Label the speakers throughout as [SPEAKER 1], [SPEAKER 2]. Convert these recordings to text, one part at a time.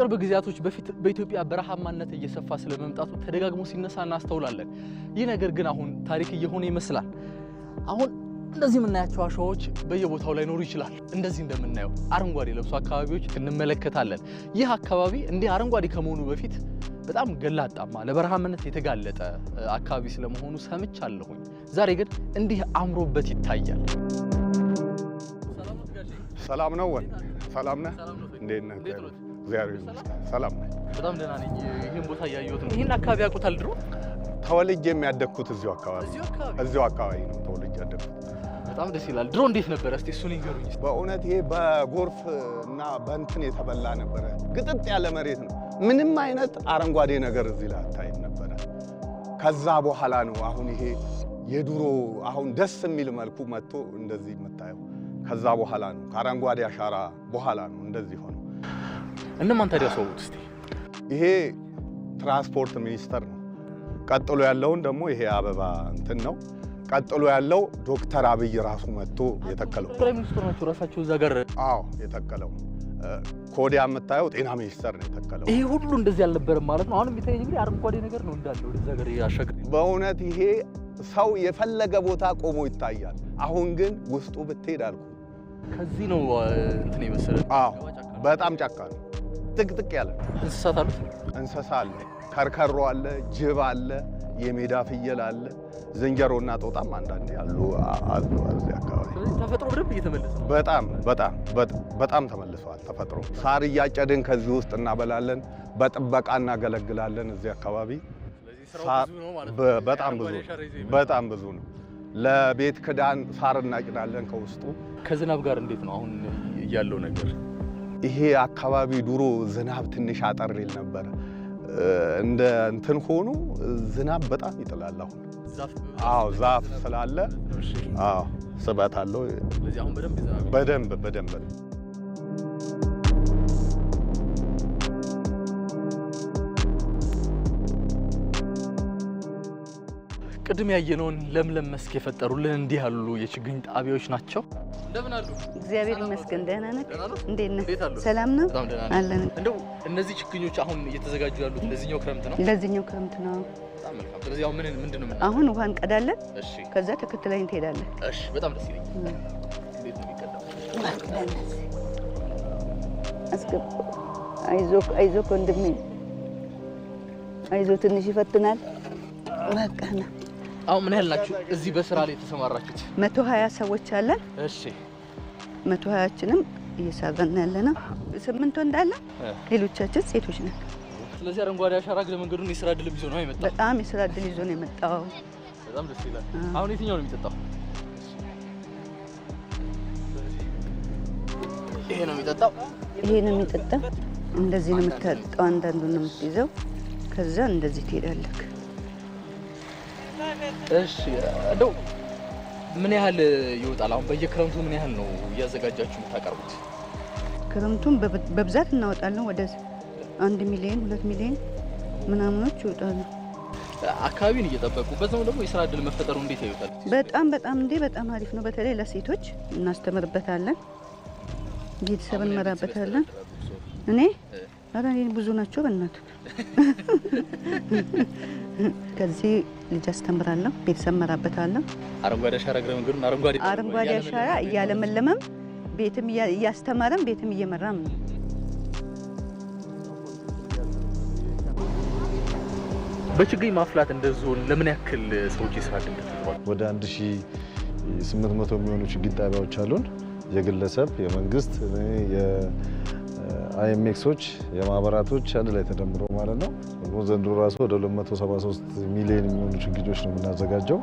[SPEAKER 1] ከቅርብ ጊዜያቶች በፊት በኢትዮጵያ በረሃማነት እየሰፋ ስለመምጣቱ ተደጋግሞ ሲነሳ እናስተውላለን። ይህ ነገር ግን አሁን ታሪክ እየሆነ ይመስላል። አሁን እንደዚህ የምናያቸው አሸዋዎች በየቦታው ላይ ኖሩ ይችላል። እንደዚህ እንደምናየው አረንጓዴ ለብሶ አካባቢዎች እንመለከታለን። ይህ አካባቢ እንዲህ አረንጓዴ ከመሆኑ በፊት በጣም ገላጣማ ለበረሃማነት የተጋለጠ አካባቢ ስለመሆኑ ሰምቻለሁኝ። ዛሬ ግን እንዲህ አምሮበት ይታያል።
[SPEAKER 2] ሰላም ነው። ሰላም ነህ? እንዴት ነህ? እግዚአብሔር ይመስገን ሰላም
[SPEAKER 1] በጣም ደህና ነኝ። ይህን ቦታ እያየሁት ነው። ይህን አካባቢ ያውቁታል? ድሮ
[SPEAKER 2] ተወልጄ የሚያደግኩት እዚሁ አካባቢ እዚሁ አካባቢ ነው ተወልጄ ያደግኩት።
[SPEAKER 1] በጣም ደስ ይላል። ድሮ እንዴት ነበረ? እስቲ እሱን
[SPEAKER 2] በእውነት ይሄ በጎርፍ እና በእንትን የተበላ ነበረ። ግጥጥ ያለ መሬት ነው። ምንም አይነት አረንጓዴ ነገር እዚህ ላይ አታይም ነበረ። ከዛ በኋላ ነው አሁን ይሄ የድሮ አሁን ደስ የሚል መልኩ መጥቶ እንደዚህ የምታየው ከዛ በኋላ ነው ከአረንጓዴ አሻራ በኋላ ነው እንደዚህ ሆነ።
[SPEAKER 1] እነማን ታዲያ ሰውት እስቲ
[SPEAKER 2] ይሄ ትራንስፖርት ሚኒስተር ነው። ቀጥሎ ያለውን ደግሞ ይሄ አበባ እንትን ነው። ቀጥሎ ያለው ዶክተር አብይ ራሱ መጥቶ የተከለው
[SPEAKER 1] ጠቅላይ ሚኒስትሩ ናቸው ራሳቸው እዛ ጋር
[SPEAKER 2] አዎ የተከለው ኮዲያ የምታየው ጤና ሚኒስተር ነው የተከለው።
[SPEAKER 1] ይሄ ሁሉ እንደዚህ አልነበረም ማለት ነው። አሁን ቢታይ እንግዲህ አረንጓዴ ነገር ነው እንዳለ ወደዛ ጋር ያሻገር።
[SPEAKER 2] በእውነት ይሄ ሰው የፈለገ ቦታ ቆሞ ይታያል። አሁን ግን ውስጡ ብትሄድ አልኩ
[SPEAKER 1] ከዚህ ነው እንትን የመሰለ
[SPEAKER 2] አዎ፣ በጣም ጫካ ነው። ጥቅጥቅ ያለ እንስሳት አሉት። እንስሳ አለ፣ ከርከሮ አለ፣ ጅብ አለ፣ የሜዳ ፍየል አለ፣ ዝንጀሮና ጦጣም አንዳንድ ያሉ አሉ እዚህ አካባቢ።
[SPEAKER 1] ተፈጥሮ በደንብ እየተመለሰ
[SPEAKER 2] በጣም በጣም በጣም ተመልሰዋል። ተፈጥሮ ሳር እያጨድን ከዚህ ውስጥ እናበላለን፣ በጥበቃ እናገለግላለን። እዚህ አካባቢ በጣም ብዙ በጣም ብዙ ነው። ለቤት ክዳን ሳር እናጭዳለን ከውስጡ።
[SPEAKER 1] ከዝናብ ጋር እንዴት ነው አሁን ያለው ነገር?
[SPEAKER 2] ይሄ አካባቢ ድሮ ዝናብ ትንሽ አጠር ይል ነበር። እንደ እንትን ሆኖ ዝናብ በጣም ይጥላል። አሁን አዎ ዛፍ ስላለ አዎ ስበት አለው። በደንብ በደንብ
[SPEAKER 1] ቅድም ያየነውን ለምለም መስክ የፈጠሩልን እንዲህ ያሉ የችግኝ ጣቢያዎች ናቸው። እንደምን አሉ?
[SPEAKER 3] እግዚአብሔር ይመስገን። ደህና ነህ? እንዴት ነህ? ሰላም ነው
[SPEAKER 1] አለን። እንደው እነዚህ ችግኞች አሁን እየተዘጋጁ ያሉት ለዚህኛው ክረምት ነው?
[SPEAKER 3] ለዚህኛው ክረምት ነው።
[SPEAKER 1] ስለዚህ አሁን ምን ምንድን ነው?
[SPEAKER 3] አሁን ውሃ እንቀዳለን። እሺ። ከዛ ተከትለኝ ትሄዳለህ።
[SPEAKER 1] እሺ። በጣም ደስ ይለኛል።
[SPEAKER 3] አስገባ። አይዞህ አይዞህ ወንድሜ፣ አይዞህ። ትንሽ ይፈትናል። በቃ ነው
[SPEAKER 1] አሁን ምን ያህል ናችሁ እዚህ በስራ ላይ የተሰማራችሁት?
[SPEAKER 3] መቶ ሀያ ሰዎች አለን። እሺ መቶ ሀያችንም እየሰራን ያለ ነው። ስምንት ሌሎቻችን ሴቶች ነን።
[SPEAKER 1] ስለዚህ አረንጓዴ አሻራ እግረ መንገዱን የስራ እድል ይዞ ነው የመጣው።
[SPEAKER 3] በጣም የስራ እድል ይዞ ነው የመጣው።
[SPEAKER 1] በጣም ደስ ይላል። አሁን የትኛው ነው የሚጠጣው? ይሄ ነው የሚጠጣው።
[SPEAKER 3] ይሄ ነው የሚጠጣው። እንደዚህ ነው የምትጠጣው። አንዳንዱ ነው የምትይዘው። ከዛ እንደዚህ ትሄዳለህ
[SPEAKER 1] እሺ እንደው ምን ያህል ይወጣል? አሁን በየክረምቱ ምን ያህል ነው እያዘጋጃችሁ የምታቀርቡት?
[SPEAKER 3] ክረምቱን በብዛት እናወጣለን። ወደ አንድ ሚሊዮን ሁለት ሚሊዮን ምናምኖች ይወጣሉ።
[SPEAKER 1] አካባቢን እየጠበቁ በዛው ደግሞ የስራ እድል መፈጠሩ እንዴት ይወጣል?
[SPEAKER 3] በጣም በጣም እንዴ በጣም አሪፍ ነው። በተለይ ለሴቶች እናስተምርበታለን፣ ቤተሰብ እንመራበታለን። እኔ ኧረ ብዙ ናቸው በእናቱ ከዚህ ልጅ አስተምራለሁ፣ ቤተሰብ መራበታለሁ።
[SPEAKER 1] አረንጓዴ አሻራ እግረ መንገዱን
[SPEAKER 3] አረንጓዴ አሻራ እያለመለመም ቤትም እያስተማረም ቤትም እየመራም ነው።
[SPEAKER 1] በችግኝ ማፍላት እንደ ዞን ለምን ያክል ሰዎች የስራ አንድ ሺ
[SPEAKER 2] ወደ 1800 የሚሆኑ ችግኝ ጣቢያዎች አሉን። የግለሰብ፣ የመንግስት፣ አይኤምኤክሶች የማህበራቶች አንድ ላይ ተደምሮ ማለት ነው። ዘንድሮ ራሱ ወደ 273 ሚሊዮን የሚሆኑ ችግኞች ነው የምናዘጋጀው።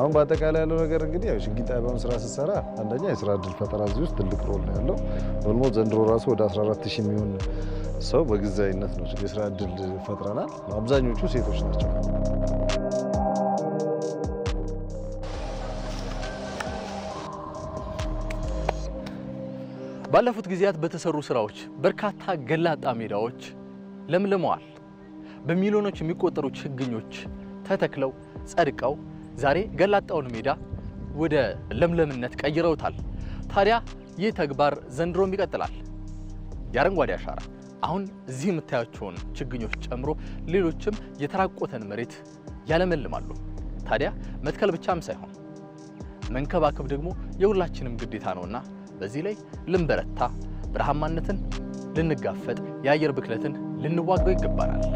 [SPEAKER 2] አሁን በአጠቃላይ ያለው ነገር እንግዲህ ያው ችግኝ ጣቢያውን ስራ ስትሰራ አንደኛ የስራ እድል ፈጠራ እዚህ ውስጥ ትልቅ ሮል ነው ያለው። ኦልሞስት ዘንድሮ ራሱ ወደ 14 ሺህ የሚሆን ሰው በጊዜያዊነት ነው የስራ እድል ፈጥረናል። አብዛኞቹ ሴቶች ናቸው።
[SPEAKER 1] ባለፉት ጊዜያት በተሰሩ ስራዎች በርካታ ገላጣ ሜዳዎች ለምልመዋል። በሚሊዮኖች የሚቆጠሩ ችግኞች ተተክለው ጸድቀው ዛሬ ገላጣውን ሜዳ ወደ ለምለምነት ቀይረውታል። ታዲያ ይህ ተግባር ዘንድሮም ይቀጥላል። የአረንጓዴ አሻራ አሁን እዚህ የምታያቸውን ችግኞች ጨምሮ ሌሎችም የተራቆተን መሬት ያለመልማሉ። ታዲያ መትከል ብቻም ሳይሆን መንከባከብ ደግሞ የሁላችንም ግዴታ ነውና በዚህ ላይ ልንበረታ፣ በረሃማነትን ልንጋፈጥ፣ የአየር ብክለትን ልንዋጋው ይገባናል።